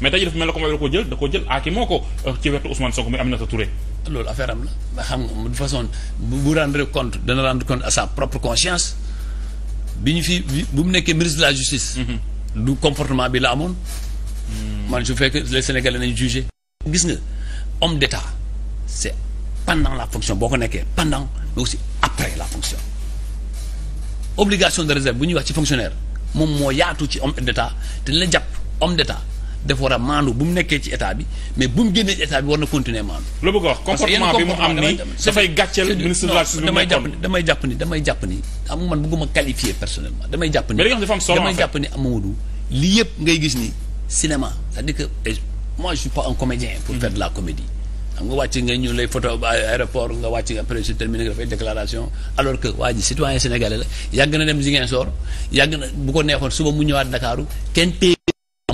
mais tey jii dafa mel ne combat bi da koo jël da koo jël aaki moo ko euh, ci wetu Ousmane Sonko muy Aminata Touré. loolu affaire am la xam nga de façon bu bu rendre compte dana rendre compte à sa propre conscience bi ñu fi bu mu nekkee ministre de la justice. Mhm. du comportement bi la amoon. Hmm. man su fais que les nañu jugé. gis nga homme d'état c'est pendant la fonction boo ko nekkee pendant mais aussi après la fonction obligation de réserve bu ñuy wax ci fonctionnaire moom moo yaatu ci homme d'état te la jàpp homme d'état def war a maandu bu mu nekkee ci état bi mais bu mu génnee ci état bi war na continuer maandu. loo bëgg wax comportement bi mu am ni dafay gàcceel ministre de la justice damay jàpp ni damay jàpp ni damay jàpp ni am man bëgguma qualifier personnellement damay jàpp ni damay jàpp ni Amadou li yëpp ngay gis ni cinéma c'est-à-dire que moi je suis pas un comédien pour mm-hmm. faire de la comédie xam nga wàcc nga ñu lay photo aéroport nga wàcc après su terminé nga dafay déclaration alors que waa ji citoyen sénégalais la yàgg na dem Ziguinchor yàgg na bu ko neexoon suba mu ñëwaat Ndakaaru kenn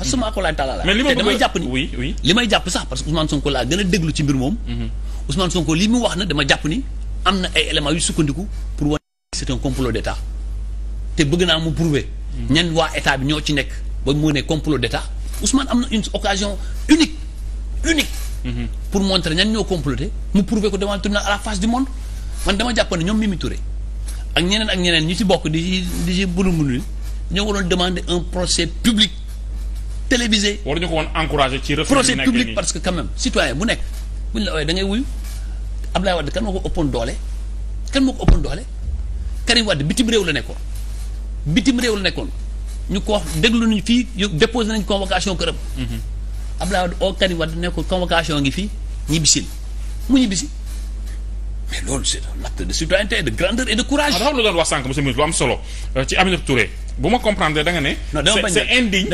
parce que ma akulaay talaala. mais li ma bëgg damay jàpp ni oui oui. li may jàpp sax parce que Ousmane Sonko laa gën a déglu ci mbir moom. Ousmane Sonko li mu wax na dama jàpp ni am na ay éléments yu sukkandiku pour wane c'est un complot bëgg naa mu prouver. ñenn waa état bi ñoo ci nekk ba mu ne complot d'état Ousmane am na une occasion unique unique. pour montrer ñan ñoo comploté mu prouver ko devant le tribunal à dama jàpp ne ñoom Mimi Touré ak ñeneen ak ñeneen ñi ci bokk di di ci bulu bulu ñoo un procès public. télévisé. waruñu ko woon encouragé ci refus procès public parce que quand citoyen bu nekk buñ la ooyee da ngay wuyu Abdoulaye Wade kan moo ko ëppoon doole kan moo ko ëppoon doole Karim Wade bitim réew la nekkoon bitim réew la nekkoon ñu ko wax déglu nañu fii déposé nañu convocation këram. Mhm. Abdoulaye Wade oo Karim Wade nekkul convocation ngi fii ñibbisil mu ñibbisi. mais loolu c'est un acte de citoyenneté de grandeur et de courage. dafa am ministre lu am solo euh, ci Aminata Touré bu ma comprendre da ne. non dama bañ c'est indigne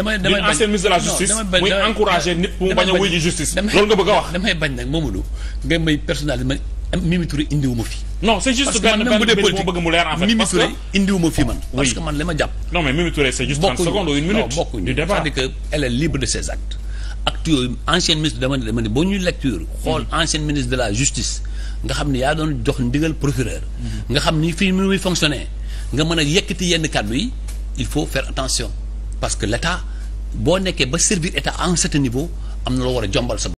d'une nga may personnalité man Mimi Touré fi. non c'est juste benn benn mbir moo bëgg mu leer en fait parce que man. li ma jàpp. non mais Mimi Touré c'est juste ancienne ministre dama ne dama ne boo ñuy lecture xool mm-hmm. ancienne ministre de la justice nga xam ni yaa doon jox ndigal procureur. nga xam ni fii muy fonctionner nga mën a yekkati yenn kàddu yi il faut faire attention parce que létat boo nekkee ba servir état à un certain niveau am na loo war a jombal sa.